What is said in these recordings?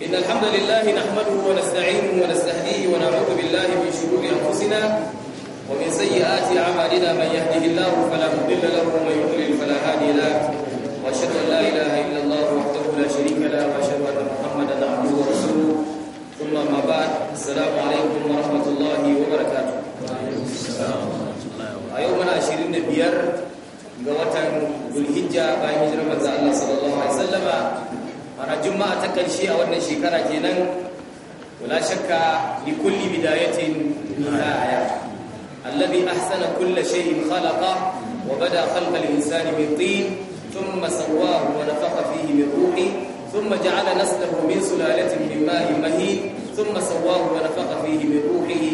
إن الحمد لله نحمده ونستعينه ونستهديه ونعوذ بالله من شرور أنفسنا ومن سيئات أعمالنا من يهده الله فلا مضل له ومن يضلل فلا هادي له وأشهد أن لا إله إلا الله وحده لا شريك له وأشهد أن محمدا عبده ورسوله ثم ما بعد السلام عليكم ورحمة الله وبركاته a yau mana ashirin da biyar ga watan zulhijja bayan hijirar manzo Allah sallallahu alaihi wasallama mana juma'a ta karshe a wannan shekara kenan wala shakka li kulli bidayatin nihaya alladhi ahsana kulla shay'in khalaqa wa bada khalqa al-insani min tin thumma sawwahu wa nafakha fihi min ruhi ثم جعل نسله من سلالة من ماء مهين ثم سواه ونفخ فيه من روحه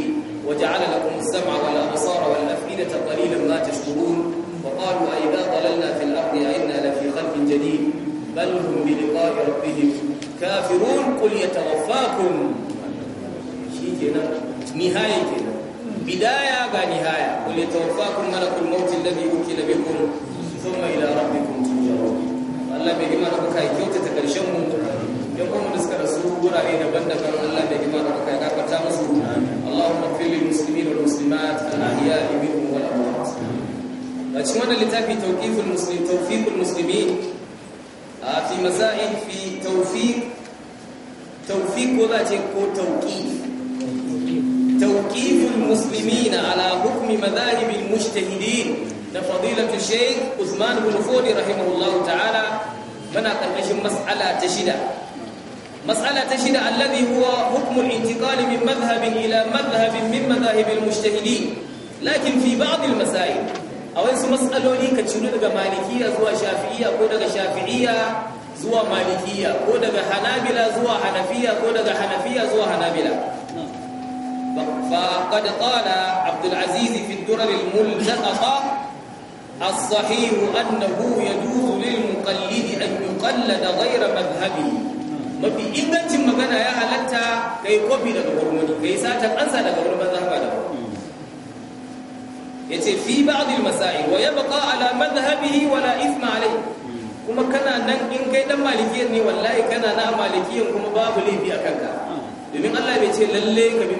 nihaya kenan bidaya ga nihaya qul yatawaffakum malakul maut alladhi ukila bikum thumma ila rabbikum turja'un Allah bai gima da kyauta ta karshen mu yan kuma da suka rasu wurare daban-daban Allah bai gima da musu Allahumma fil muslimin wal muslimat al minhum wal amwat tawqiful tawfiqul muslimin fi fi tawfiq tawfiq ce ko tauki sai Usman bin Fodi rahimahullahu ta'ala muna karkashin mas'ala ta shida mas'ala ta shida alladhi huwa hukmu al-intiqal min madhhabin ila madhhabin min madhahib al-mujtahidin lakin fi ba'd al-masail a wasu mas'aloli ka ciro daga malikiya zuwa shafi'iyya ko daga shafi'iyya zuwa malikiya ko daga hanabila zuwa hanafiya ko daga hanafiya zuwa hanabila فقد قال عبد العزيز في الدرر الملتقطه الصحيح أنه يجوز للمقلد أن يقلد غير مذهبه mafi ingancin magana ya halatta ka yi daga gurmuni ka yi daga wurin mazhaba da ya ce fi ba'adil masa'i wa ya baka ala mazhabihi wa la isma alai kuma kana nan in kai dan malikiyar ne wallahi kana na malikiyar kuma babu laifi a kanka domin Allah bai ce lalle ka bi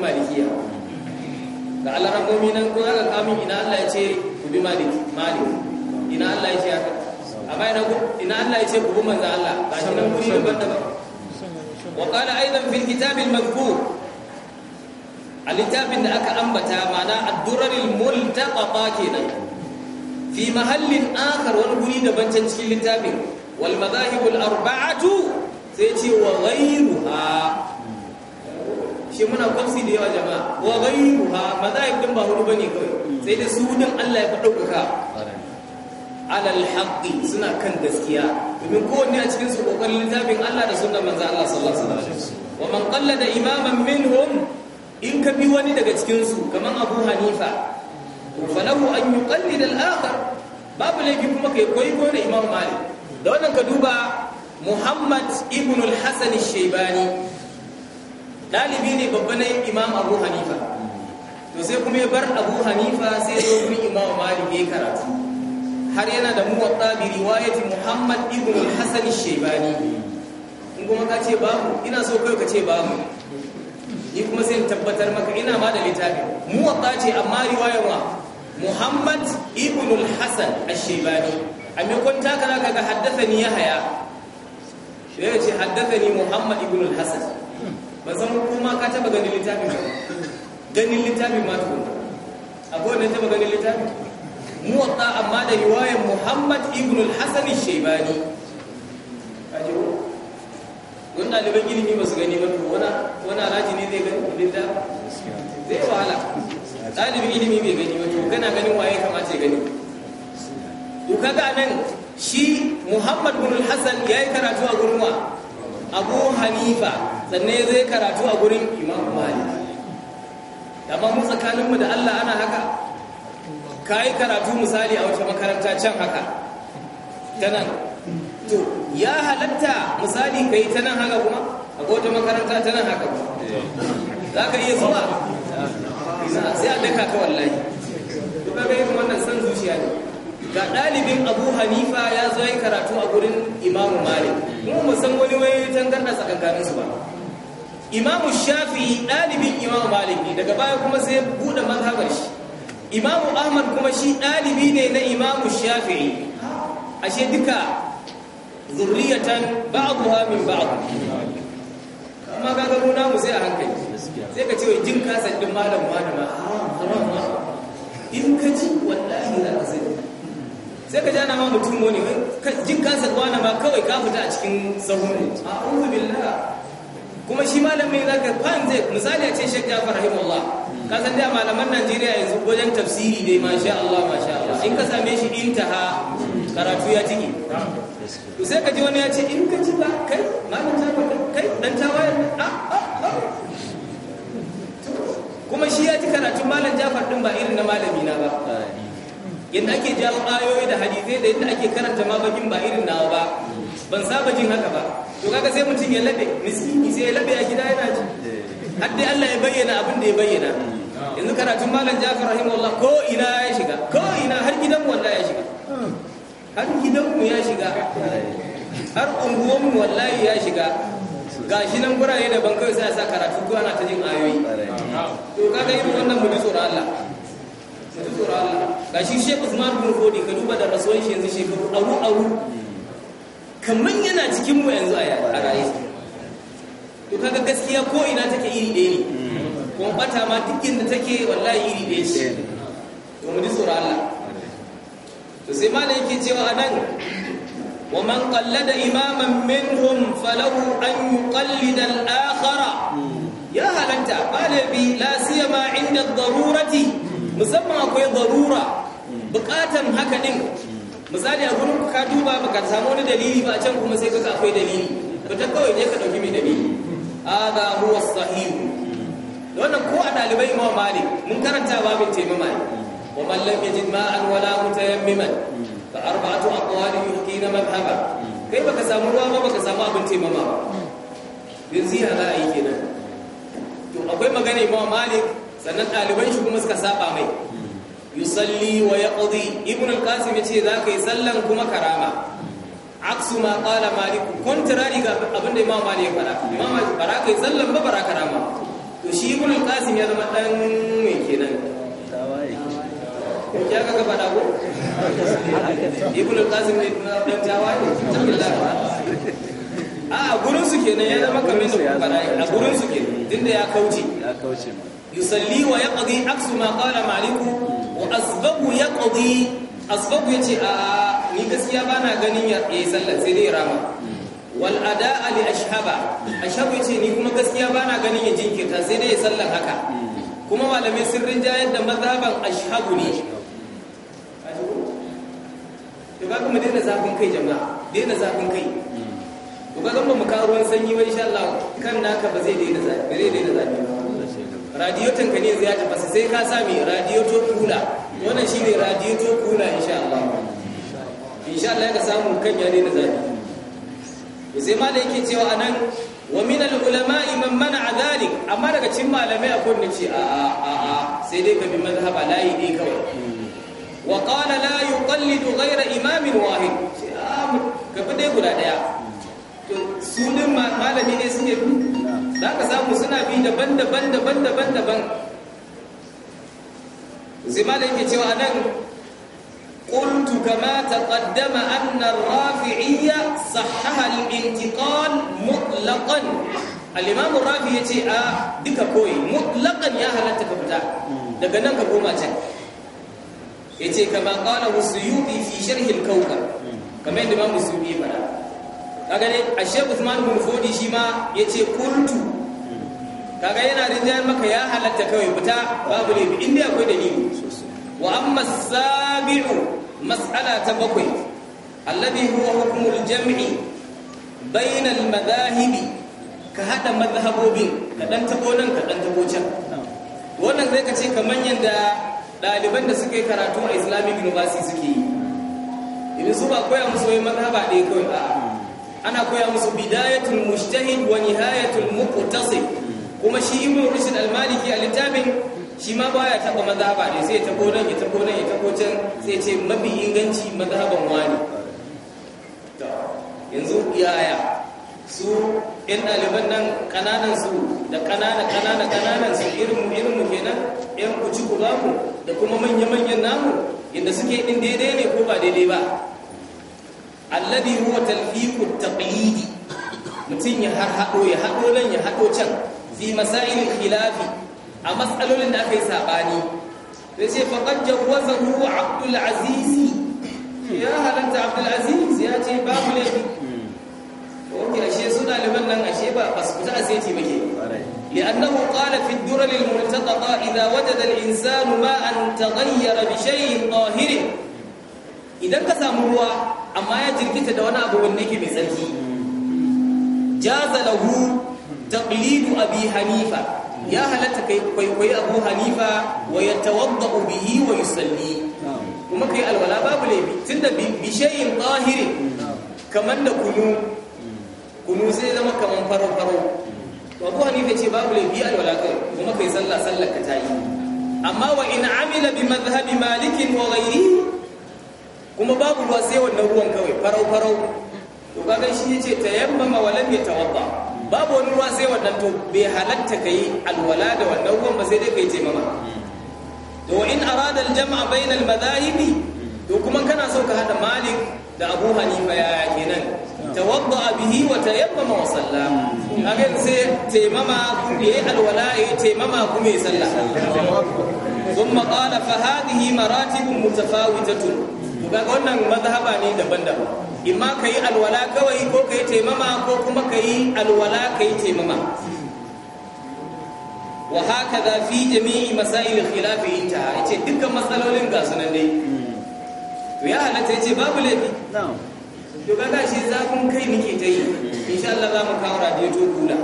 ga alarabomi nan ko aka kamin ina Allah ya ce bi malik malik ina Allah ya ce haka amma ina ina Allah ya ce manzo Allah ba shi nan guri wa qala aidan fil kitab al al littafin da aka ambata mana ad-durar al kenan fi mahallin akhar wani guri daban can cikin littafin wal madahib al arba'atu sai ce wa ghayruha shi muna kwamsi da yawa jama'a wa ghayruha mazahib din ba hudu bane kawai sai da su dan Allah ya fadaukaka alal haqqi suna kan gaskiya domin kowanne a cikin su kokarin littafin Allah da sunnar manzo Allah sallallahu alaihi wasallam wa man qallada imaman minhum in ka bi wani daga cikin su kaman Abu Hanifa falahu an yuqallid al-akhar babu laifi kuma kai koyi ko da Imam Malik da wannan ka duba Muhammad ibn al-Hasan al-Shaybani dalibi ne babba na imam abu hanifa to sai kuma ya bar abu hanifa sai zo wuri imam malik ya karatu har yana da muwatta bi riwayati muhammad ibn al-hasan shaybani in kuma ka ce babu ina so kai ka ce babu ni kuma sai tabbatar maka ina ma da littafi muwatta ce amma riwayar wa muhammad ibn al-hasan ash-shaybani amma kun taka zaka ga haddathani yahya sai ya ce haddathani muhammad ibn al-hasan ba zan kuma ka taba ganin littafin ba ganin littafin ma tukun abu wanda taba ganin littafin muwatta amma da riwayar muhammad ibn al-hasan shaibani kaji wani ɗaliban ilimi ba su gani ba wani alhaji ne zai gani littafin zai wahala ɗalibin ilimi bai gani ba to kana ganin waye kamata ya gani to kaga nan shi muhammad ibn al-hasan yayi karatu a gurma abu hanifa sannan zai karatu a gurin imam malik amma mu tsakaninmu da allah ana haka ka yi karatu misali a wata makaranta can haka ta nan to ya halatta misali ka yi ta nan haka kuma a wata makaranta ta nan haka kuma za ka iya zuwa sai a daka ka wallahi duka ga kuma wannan san zuciya ne ga ɗalibin abu hanifa ya zo yi karatu a gurin imamu malik mu musan wani wani tangar da tsakankaninsu ba imamu shafi ɗalibin imam malik ne daga baya kuma sai buɗe mazhabar shi imamu ahmad kuma shi ɗalibi ne na imamu shafi'i ashe duka zurriyatan ba'dha min ba'd amma ga ga nuna mu sai a hankali sai ka ce jin san din malam malama in ka ji wallahi za ka sai sai ka jana ma mutum wani jin san wani ma kawai ka fita a cikin sahun a'udhu billah kuma shi malam za ka fan zai misali a ce shek jafar Allah." ka san da malaman najeriya yanzu wajen tafsiri dai masha Allah masha Allah in ka same shi intaha karatu ya ciki to sai ka ji wani ya ce in ka ji ba kai malam ta ba kai dan ta waya a kuma shi ya ji karatun malam jafar din ba irin na malami na ba yadda ake jawo ayoyi da hadisai da yadda ake karanta mabakin ba irin nawa ba ban saba jin haka ba to kaga sai mutum ya labe miskini sai ya labe a gida yana ji har dai Allah ya bayyana abin da ya bayyana yanzu karatun malam Jafar rahimahullah ko ina ya shiga ko ina har gidan wallahi ya shiga har gidan mu ya shiga har unguwan mu wallahi ya shiga gashi nan gurare da bankai sai a sa karatu ko ana ta jin ayoyi to kaga irin wannan mu ji tsoron Allah mu ji tsoron Allah gashi shekus Usman bin ka duba da rasuwan shi yanzu shekaru aru aru kamar yana cikin mu yanzu a rayu to kaga gaskiya ko ina take iri ɗaya ne kuma bata ma duk inda take wallahi iri ɗaya ce to mu ji tsoron Allah to sai ma da yake cewa anan wa man qallada imaman minhum falahu an yuqallida al-akhara ya halanta balabi la siyama inda darurati musamman akwai darura bukatan haka din misali a gurin ka duba baka samu wani dalili ba a can kuma sai kaga akwai dalili ba ta kawai ne ka dauki mai dalili hada huwa sahih wannan ko a dalibai imam malik mun karanta babin taimama wa man lam yajid ma'an wala mutayammiman fa arba'atu aqwali yuhkina madhhaba kai baka samu ruwa ba baka samu abin taimama ba yanzu ya za a yi kenan to akwai magana imam malik sannan ɗaliban shi kuma suka saba mai yusalli wa yaqdi ibn al-qasim yace zaka yi sallan kuma karama aksu ma qala malik kontrari ga abin da imam malik ya fara imam malik baraka yi sallan ba fara karama to shi ibn al-qasim ya zama dan me kenan ya kaga fada ko ibn al-qasim ne dan tawaye tabillah a gurin su kenan ya zama kamar da fara a gurin su kenan tunda ya kauce ya kauce yusalli wa yaqdi aksu ma qala malik wa asbabu ya ƙudi asbabu ya ce a ni gaskiya ba na ganin ya yi eh, sallar sai dai rama wal'ada ali ashaba ashabu ya ce ni kuma gaskiya ba na ganin ya jinkirta sai dai ya sallar haka kuma malamai sun rinjayar da mazhaban ashabu ne to ba kuma daina zafin kai jama'a daina zafin kai to ba zan ba mu karuwan sanyi ba insha Allah kan naka ba zai daina zafi ba zai daina zafi Radiyo ka ne zai ya tafasa sai ka sami radiyoto kula wannan shi ne radiyoto kula insha Allah insha Allah ka samu kan ya ne da zafi to sai ma da yake cewa anan wa min al ulama man mana dhalik amma daga cikin malamai akwai ne ce a a a sai dai ka bi mazhaba layi ne kawai wa qala la yuqallidu ghayra imamin wahid ah, ka bi dai guda daya to sunan malami ne suke da aka samu suna bi daban-daban-daban-daban zimalin ke cewa nan ƙuntu kama ta ƙaddama annar rafi'iyya sahahalin intikon mutlaƙon alimamun rafi ya ce a ah, duka koyi mutlaƙon ya halatta ka daga nan ka goma can ya ce kama ƙwanar musu yi fi sharhin kauka kamar yadda ma musu yi fara kaga ne a shek usman bin fodi shi ma ya ce kultu kaga yana rinjayar maka ya halatta kawai fita babu laifi inda akwai dalili wa amma sabi'u mas'ala ta bakwai alladhi huwa hukmul jam'i bayna al madahibi ka hada madhhabobi ka dan tabo nan ka dan tabo can wannan zai ka ce kamar daliban ɗaliban da suke karatu a islamic university suke yi idan su ba koyar musu wai madhhaba ɗaya kawai a'a ana koya musu bidayatul mujtahid wa nihayatul muqtasid kuma shi Ibn rushd al-maliki a littafin shi ma baya taba mazhaba ne sai ta kodan ya ta kodan ya ta kocin sai ce mafi inganci mazhaban wani yanzu yaya su yan ɗaliban nan kananan su da kanana kanana kananan su irin irin mu kenan yan kuci ku ba da kuma manya manyan namu yadda suke din daidai ne ko ba daidai ba alladhi huwa talfiqu taqlidi mutum ya haɗo ya haɗo nan ya haɗo can fi masailin khilafi a matsalolin da aka yi saɓani sai ce faƙad jawaza ruwa abdul azizi ya halatta abdul aziz ya ce ba mu ne? ok ashe su ɗaliban nan ashe ba ba su fita sai ce muke لأنه قال في الدرر الملتقطة إذا وجد الإنسان ماء تغير بشيء طاهر ruwa. amma ya jirkita da wani abu wanda yake mai tsarki jaza lahu taqlidu abi hanifa ya halatta kai kwaikwayi abu hanifa wa yatawaddau bihi wa yusalli kuma kai alwala babu laifi tunda bi shay'in tahir kamar da kunu kunu sai zama kamar faro faro abu hanifa ce babu laifi alwala kai kuma kai sallah sallar ka ta yi. amma wa in amila bi madhhabi malikin wa ghayrihi kuma babu ruwa sai wannan ruwan kawai farau farau to kaga shi yace tayammama wa lam yatawadda babu wani ruwa sai wannan to bai halatta kai alwala da wannan ruwan ba sai dai kai taimama to in arada aljam'a bayna almadhahibi to kuma kana so ka hada malik da abu hanifa ya kenan tawadda bihi wa tayammama wa salla kaga sai taimama yayi alwala yayi taimama kuma yayi sallah ثم قال فهذه مراتب متفاوتة to kaga wannan mazhaba ne daban-daban imma ka yi alwala kawai ko ka yi taimama ko kuma ka yi alwala ka yi taimama wa haka za fi jami'i masail khilafi intaha yace dukkan matsalolin ga sunan dai to ya halatta yace babu laifi to kaga shi zafin kai nake ta yi insha Allah za mu kawo radio to kula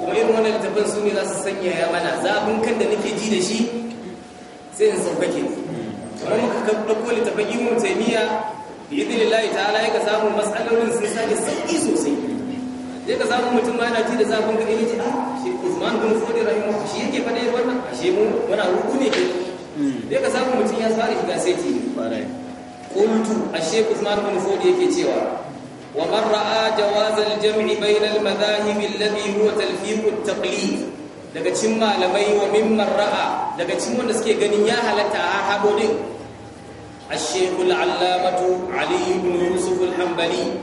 kuma irin wannan tafin su ne za su sanya ya mana zafin kan da nake ji da shi sai in sauƙaƙe kuma muka ɗauko littafin ibn taymiya bi lillahi ta ya ka samu matsalolin sun sake sauki sosai zai ka samu mutum ma yana ji da zafin gani ne ji a shi Usman bin Fodi rahimu shi yake faɗa wannan ashe mu muna ruku ne ke zai ka samu mutum ya fara shiga saiti qultu ashe Usman bin Fodi yake cewa wa man ra'a jawaz jami bayna al-madahib alladhi huwa talfiq at-taqlid daga cin malamai wa mimman ra'a daga cin wanda suke ganin ya halatta sahabo din al-shaykhul allamatu ali ibn yusuf al-hanbali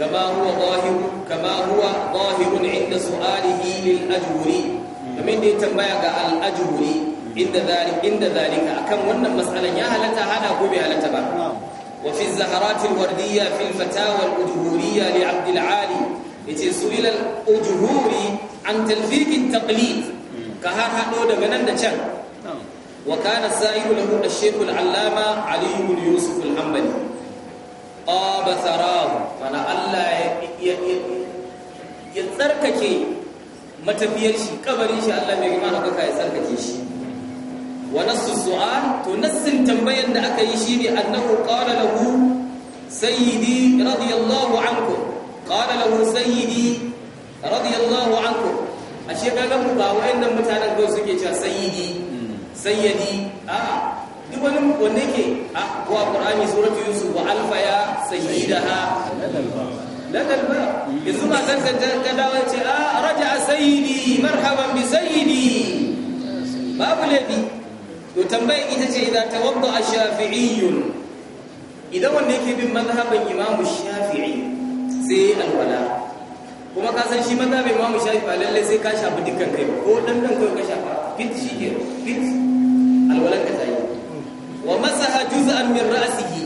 kama huwa zahir kama huwa zahir 'inda kamin da tambaya ga al-ajuri inda zalik akan wannan mas'alan ya halata hada ko bai halata ba wa fi az-zaharat al-wardiyya fi al-fatawa al-ujuriyya yace su'ila al an talfiq at-taqlid ka har hado daga nan da can وكان الزائر له الشيخ العلامة علي بن يوسف الحنبلي طاب ثراه من الله يتركك matafiyar shi kabarin shi Allah mai rima ɗaukaka ya tsarkake shi wa nassu su'al to nassin tambayar da aka yi shine annahu qala lahu sayyidi radiyallahu anhu qala lahu sayyidi radiyallahu anhu ashe kaga ba wayannan mutanen da suke cewa sayyadi a duk wani wanda ke, a ko a qur'ani suratu yusuf wa alfa ya sayyidaha ladal ba ya ma san ta dawo ce a raja sayyidi marhaban bi sayyidi babu ladi to tambayar ita ce idan tawadda ash-shafi'iyyun idan wanda yake bin mazhaban imamu shafi'i sai alwala kuma ka san shi mazhabin imamu shafi'i ba lalle sai ka shafi dukkan kai ko dan dan kai ka shafa بنت بنت الولد ومسح جزءا wa masaha juz'an min ra'sihi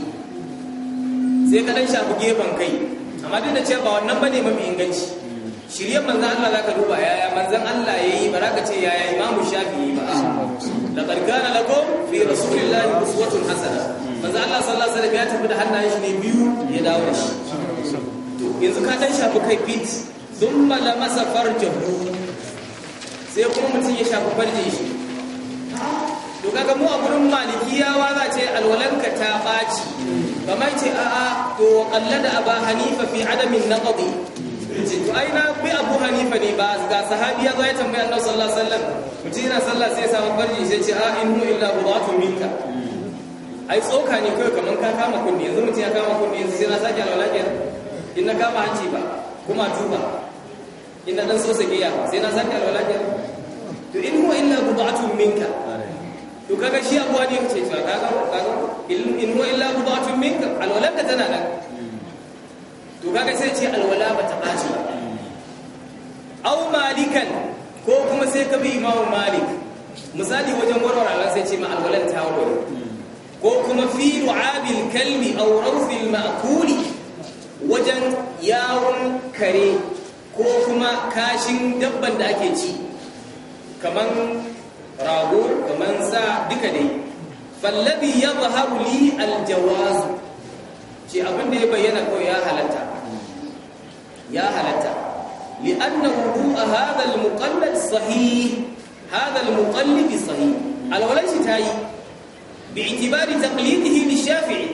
sai ka dan shafi gefen kai amma duk da cewa ba wannan bane mafi inganci shiryen manzan Allah zaka duba yaya manzan Allah yayi ba zaka ce yaya imamu shafi'i ba laqad kana lakum fi rasulillahi uswatun hasana manzan Allah sallallahu alaihi wasallam ya tafi da hannayen shi ne biyu ya dawo shi to yanzu ka dan shafi kai fit thumma lamasa farjahu sai kuma mutum ya shafi farje shi to kaga mu a gurin malikiyawa za ce alwalanka ta ɓaci kamar ce a'a to kalla da aba hanifa fi adamin na ce to ai na bi abu hanifa ne ba ga sahabi ya zo ya tambaya annabi sallallahu alaihi wasallam mutum yana sallah sai ya samu farji sai ce a in mu illa budatu minka ai tsoka ne kawai kamar ka kama kunne yanzu mutum ya kama kunne yanzu sai na sake alwala kenan in na kama hanci ba kuma tuba in na dan so sakiya sai na sake alwala kenan to in huwa illa budatun minka to kaga shi abu ne kace to kaga kaga in huwa illa budatun minka alwala ka tana da. to kaga sai ce alwala ba ta baci ba aw malikan ko kuma sai ka bi imamu malik misali wajen warware Allah sai ce ma alwalan ta warware ko kuma fi ru'abil Kalmi, aw rawfil ma'kuli wajen yawon kare ko kuma kashin dabban da ake ci kaman rago kaman sa duka dai fallabi ya zaharu li aljawazu ce abin da ya bayyana ko ya halatta ya halatta li'anna wudu'a hadha al-muqallid sahih hadha al-muqallid sahih alwalai shi tayi bi'tibari taqlidihi li shafi'i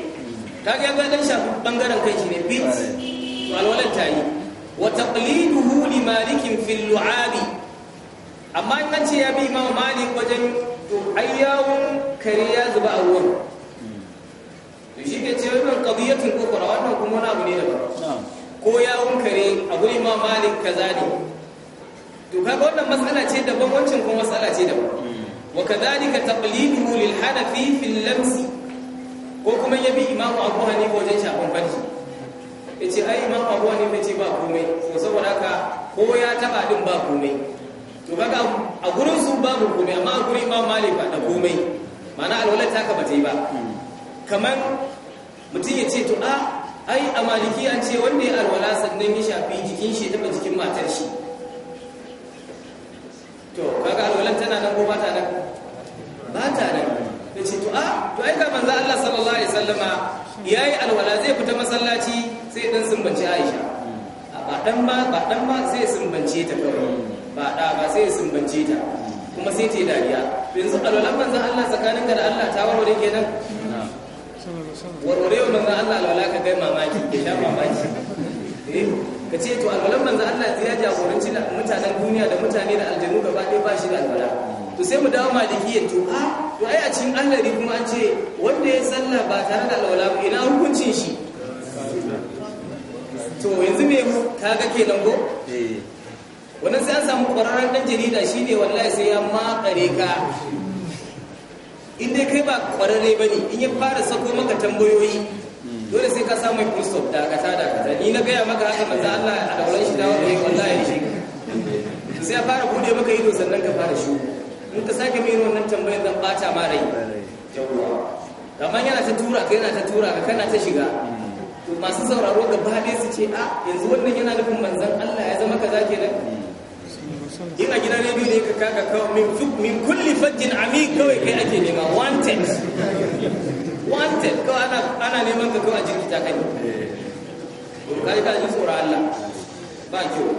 kage ga dan shafi bangaren kai shi ne bit alwalai tayi wa taqliduhu li malikin fil lu'abi amma in kan ce ya bi imam malik wajen to ayyawun kare ya zuba a ruwan to shi ke ce wannan qadiyatun ukhra wannan kuma wani abu ne da ko yawun kare a gurin imam malik kaza ne to kaga wannan matsala ce daban wancan kuma matsala ce daban hmm. wa kadhalika taqliduhu lil hanafi fil lamsi ko kuma ya bi imam abu hanifa wajen shafan fadi? ya ce ai imam abu hanifa ce ba komai ko saboda haka ko ya taba din ba komai to kaga a gurin su babu komai amma a gurin imam malik ba da komai mana alwalar ta ka bata yi ba kamar mutum ya ce to a ai a maliki an ce wanda ya alwala sannan ya shafi jikin shi taɓa jikin matar shi to kaga alwalar tana nan ko ba ta nan ba ta nan da ce to a to ai ga manzo Allah sallallahu alaihi wasallama yayi alwala zai fita masallaci sai dan sumbance Aisha ba dan ba dan ba sai sumbance ta kawai ba da ba sai sumbance ta kuma sai ta dariya yanzu alwalan manzon Allah tsakanin ka da Allah ta warware kenan warware manzon Allah alwala ka kai mamaki ke sha mamaki eh, ka ce to alwalan manzon Allah ya jagoranci mutanen duniya da mutane da aljanu gaba ɗaya ba shi da alwala to sai mu dawo ma malikiyyar to a ah, to ai a cikin allari kuma an ce wanda ya salla ba tare da alwala ba ina hukuncin shi to yanzu me kaga kenan go wannan sai an samu ƙwararren ɗan jarida shi ne wallahi sai ya makare ka in dai kai ba ƙwararre ba ne in ya fara sako maka tambayoyi dole sai ka samu full stop dakata dakata ni na gaya maka haka maza Allah a dauran shi dawo ne wallahi shi sai ya fara bude maka ido sannan ka fara shi in ka sake mai wannan tambayar zan bata ma rai Kamar yana ta tura ka yana ta tura ka kana ta shiga masu sauraro gaba ɗaya su ce a ah, yanzu wannan yana nufin manzan Allah ya zama kaza kenan in a gidan rediyo ne ka kaga kawai min kulli fajjin ami kawai kai ake nema wanted wanted kawai ana neman ka kawai a jirgi ta kai ka yi kaji tsoron Allah ba kyau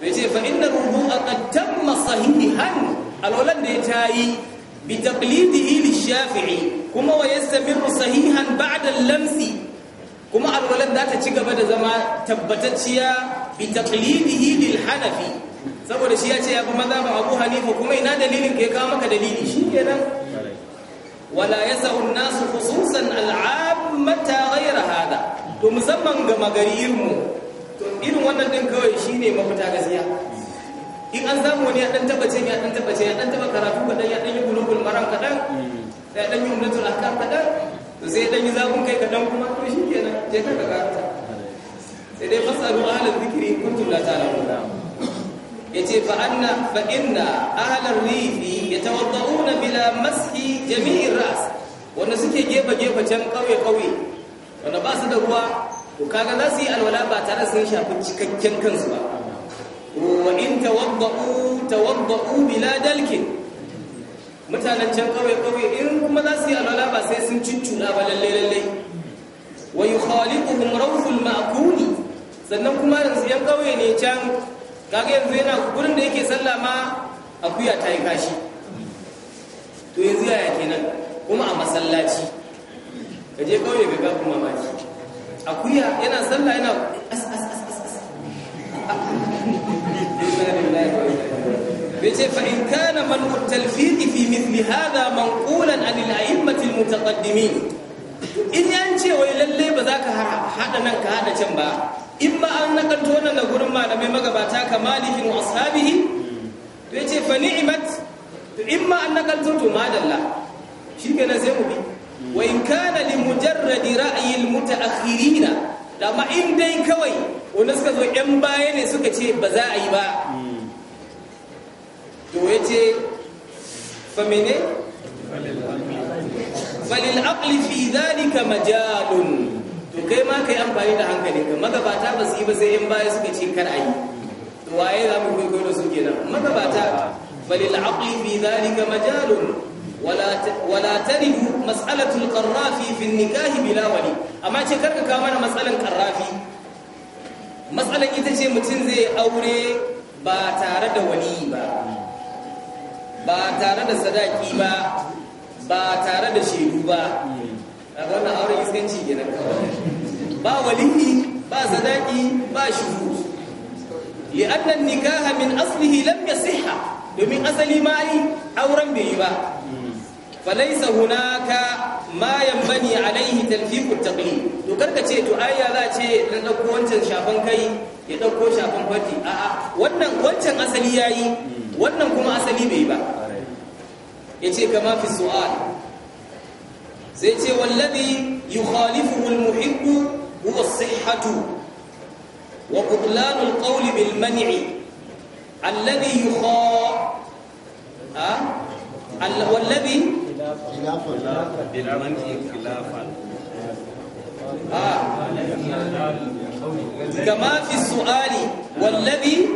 bai ce fa inna rubu a ƙaddan masahihan alwalan da ya ta yi bi taqlidihi li shafi'i kuma wa yastamiru sahihan ba'da lamsi kuma alwalan za ta ci gaba da zama tabbatacciya bi taqlidihi lil hanafi saboda shi ya ce ya fi mazhaban abu hanifa kuma ina dalilin ke kawo maka dalili shi nan wala sa'un nasu khususan al'ammata ghayra hada to musamman ga magarin mu to irin wannan din kawai shi ne mafita gaskiya in an samu wani ya dan tabbace ya dan tabbace ya dan taba karatu kadan ya dan yi bulugul maran kadan ya dan yi umdatul ahkam kadan to sai dan yi zakun kai kadan kuma to shikenan je ka karanta sai dai fasalu ahlal dhikri kuntum la ta'lamun yace fa anna fa inna ahlar rifi yatawadda'una bila mashi jami'ir ras wanda suke gefe gefe can kauye kauye wanda ba su da ruwa to kaga za su yi alwala ba tare sun shafi cikakken kansu ba wa in tawadda'u tawadda'u bila dalkin mutanen can kauye kauye in kuma za su yi alwala ba sai sun cincuna ba lalle lalle wa yukhaliquhum rawful ma'kuli sannan kuma yanzu yan kauye ne can kaga yanzu yana gurin da yake sallah ma akuya ta yi kashi to yanzu yaya kenan kuma a masallaci ka je kauye ga gafin mamaki akuya yana sallah yana as as ka as yace fa kana man talfiq fi mithli hadha manƙulan a al-a'immati al-mutaqaddimin in yance wai lalle ba za ka hada nan ka hada can ba in ma an nakanto wannan da gurin malamai magabata kamalihi wa ashabihi to yace fa ni'mat to in ma an nakanto to madalla shikenan sai mu bi wa in kana li mujarradi ra'yi al mutaakhirina da ma in dai kawai wanda suka zo yan baya ne suka ce ba za a yi ba to yace fa mene falil aqli fi dhalika majalun to kai ma kai amfani da hankalinka magabata ba su yi ba sai in baya suka ce kar a yi waye za mu kwaikwayo da su kenan magabata balil aqli fi dhalika majalun wala wala tarihu mas'alatul qarrafi fi nikahi bila wali amma ce karka ka mana matsalan qarrafi matsalan ita ce mutum zai aure ba tare da wali ba ba tare da sadaki ba ba tare da shedu ba daga wannan auren iskanci kenan kawai ba waliyi ba sadaki ba shuhud لأن النكاح من أصله لم يصح domin asali ma yi auren bai yi ba falaisa ka mayan yambani alaihi talfiqut taqlid to karka ce to ayya za ce na ɗauko wancan shafan kai ya ɗauko shafan kwati. a a wannan wancan asali yayi wannan kuma asali bai ba yace kama fi su'al زيت والذي يخالفه المحب هو الصحة وبطلان القول بالمنع الذي يخا ها والذي خلاف خلاف كما في السؤال والذي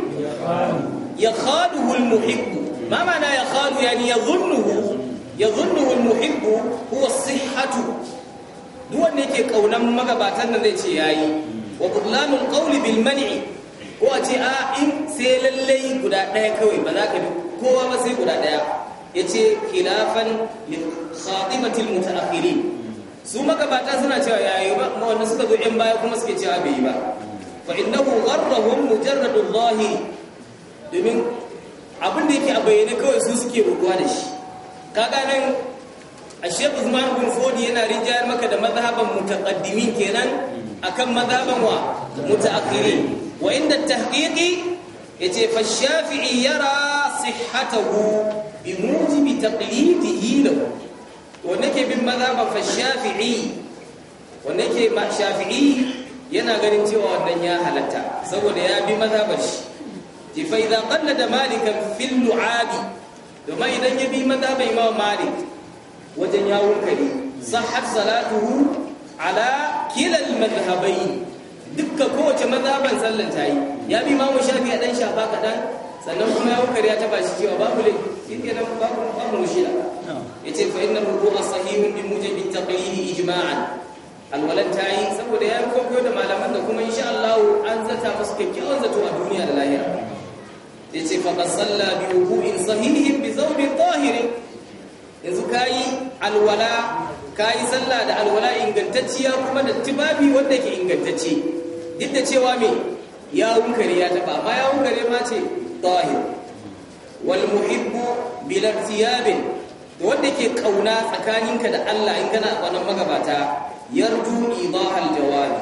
يخاله المحب ما معنى يخاله يعني يظنه yadhunnu al-muhibbu kuwa as-sihhatu duk wanda yake kaunan magabatan nan zai ce yayi wa butlanul qawli bil man'i ko a ce a in sai lallai guda ɗaya kawai ba za ka bi kowa ba sai guda ɗaya ya ce khilafan khatimatil mutaakhirin su magabata suna cewa yayi ba amma wanda suka zo yan baya kuma suke cewa bai yi ba fa innahu gharrahum mujarradu dhahi domin abin da yake a bayyane kawai su suke rubuwa da shi kaga nan a shek usman bin fodi yana rijiyar maka da mazhaban mutaqaddimin kenan akan mazhaban wa mutaakhirin wa inda tahqiqi yace fa shafi'i yara sihhatahu bi mujibi taqlidihi lahu wanda ke bin mazhaban fa shafi'i wanda ke shafi'i yana ganin cewa wannan ya halatta saboda ya bi mazhabar shi fa idza qallada malikan fil lu'abi domin idan ya bi madaba imam malik wajen yawon kare sahhat salatuhu ala kilal madhhabain dukka kowace mazaban sallan tayi ya bi imam shafi dan shafa kadan sannan kuma yawon kare ya taba shi cewa babu le yake nan babu babu mushila yace fa inna ruku'a sahihun bi mujabi taqlidi ijma'an alwalan tayi saboda ya koyo da malaman da kuma insha Allah an zata musu kyakkyawan zato a duniya da lahira yace faqad salla bi wudu'in sahihin bi zawbin tahirin yanzu kayi alwala kai sallah da alwala ingantacciya kuma da tibabi wanda ke ingantacce duk da cewa me ya hunkare ya taba amma ya hunkare ma ce tahir wal muhibbu bil irtiyabin wanda ke kauna tsakaninka da Allah in kana wannan magabata yarju idahal jawab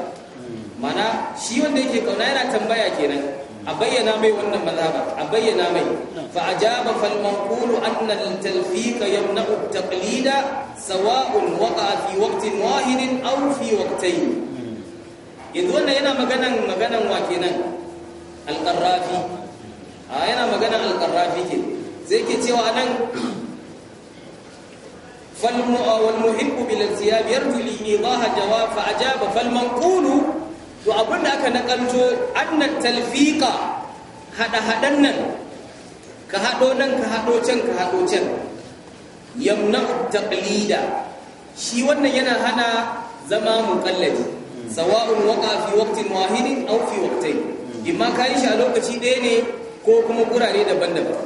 mana shi wanda yake kauna yana tambaya kenan a bayyana mai wannan mazhaba a bayyana mai fa ajaba fal manqulu anna al talfiq yamna'u at taqlida sawa'un waqa'a fi waqtin wahidin aw fi waqtayn yanzu wannan yana maganan maganan wa kenan al qarrafi a ah, yana maganan al qarrafi ke zai ke cewa anan فالمؤ والمحب بالانسياب يرجو الإيضاح جواب فأجاب فالمنقول to abin da aka nakanto annan talfiƙa hada-hadan nan ka hado nan ka hado can ka hado can yamna taqlida shi wannan yana hana zama muqallidi sawa'un waqa fi waqtin wahidin aw fi waqtayn imma kai shi a lokaci ɗaya ne ko kuma gurare daban-daban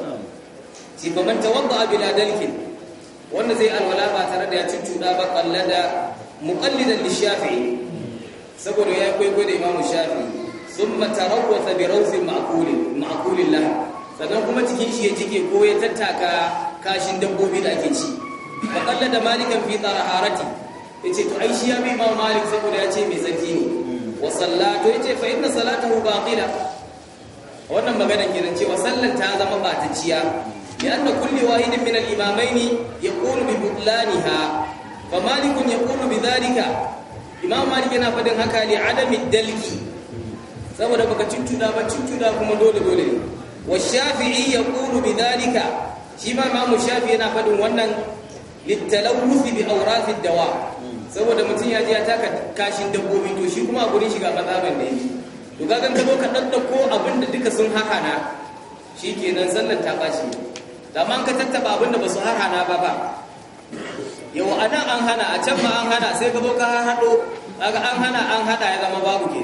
shi man tawadda bila dalkin wanda zai alwala ba tare da ya cucuda ba qallada muqallidan lishafi. saboda ya kwaikwayo da imamu shafi Sun tarawwatha da rawsin ma'akulin ma'qulin laha sannan kuma cikin shi ya jike ko ya tattaka kashin dabbobi da ake ci fa da malikan fi tsara harati. Ya ce to ai shi ya bi imamu malik saboda ya ce mai tsarki ne wa ce yace fa inna salatahu baqila wannan maganar kiran cewa sallar ta zama min لأن كل واحد من الإمامين يقول Malikun فمالك bi بذلك imam malik yana faɗin haka ne adami dalki saboda baka cintuda ba cintuda kuma dole dole ne wa shafi'i bi dalika shi ma imam shafi yana faɗin wannan litalawuf bi awrafid dawa saboda mutum ya ji ya taka kashin dabbobi to shi kuma a gurin shiga bazaban ne to ga gan kado ka ko abinda duka sun haka na shikenan sallar ta bashi da man ka tattaba abinda ba su haka na ba ba yau a nan an hana a can ma an hana sai ka zo ka haɗo kaga an hana an haɗa ya zama babu ke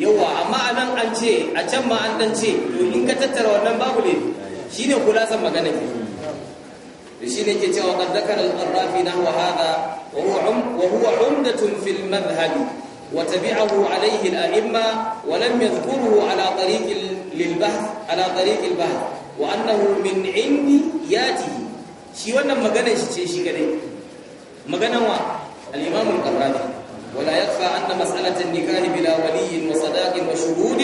yawa amma a nan an ce a can ma an ɗan ce in ka tattara wannan babu ne shi ne kulasan magana ke da shi ne ke cewa kan zakar al-rafi na wa hada um, wa huwa umdatun fil madhhabi wa tabi'ahu alayhi al-a'imma wa lam yadhkuruhu ala tariq lil-bahth ala tariq al-bahth wa annahu min 'indi yatihi shi wannan magana shi ce shi gare maganan wa al-imam al-qarrafi wala yakfa anna mas'alatan nikah bila waliy wa sadaq wa shuhud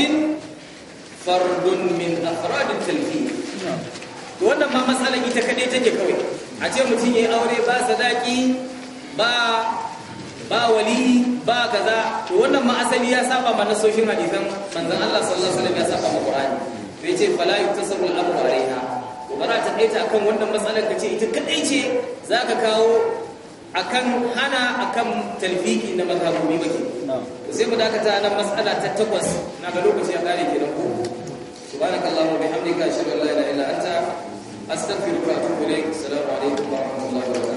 fardun min afrad al-talqin to wannan ma matsalar ita kadai take kawai a ce mutum yayi aure ba sadaki ba ba wali ba kaza to wannan ma asali ya saba ma nasoshin hadisan manzon Allah sallallahu alaihi wasallam ya saba ma Qur'ani to yace fala yuktasaru al-amru alaiha ba za ta ɗaita akan wannan matsalar ka ce ita kadai ce za ka kawo akan hana akan talfiki na mazhabobi ba sai mu dakata nan matsala ta takwas na ga lokaci a ƙare kenan ko subhanakallahu wa bihamdika ashhadu an la ilaha illa anta astaghfiruka wa atubu ilayk assalamu alaikum wa rahmatullahi wa barakatuh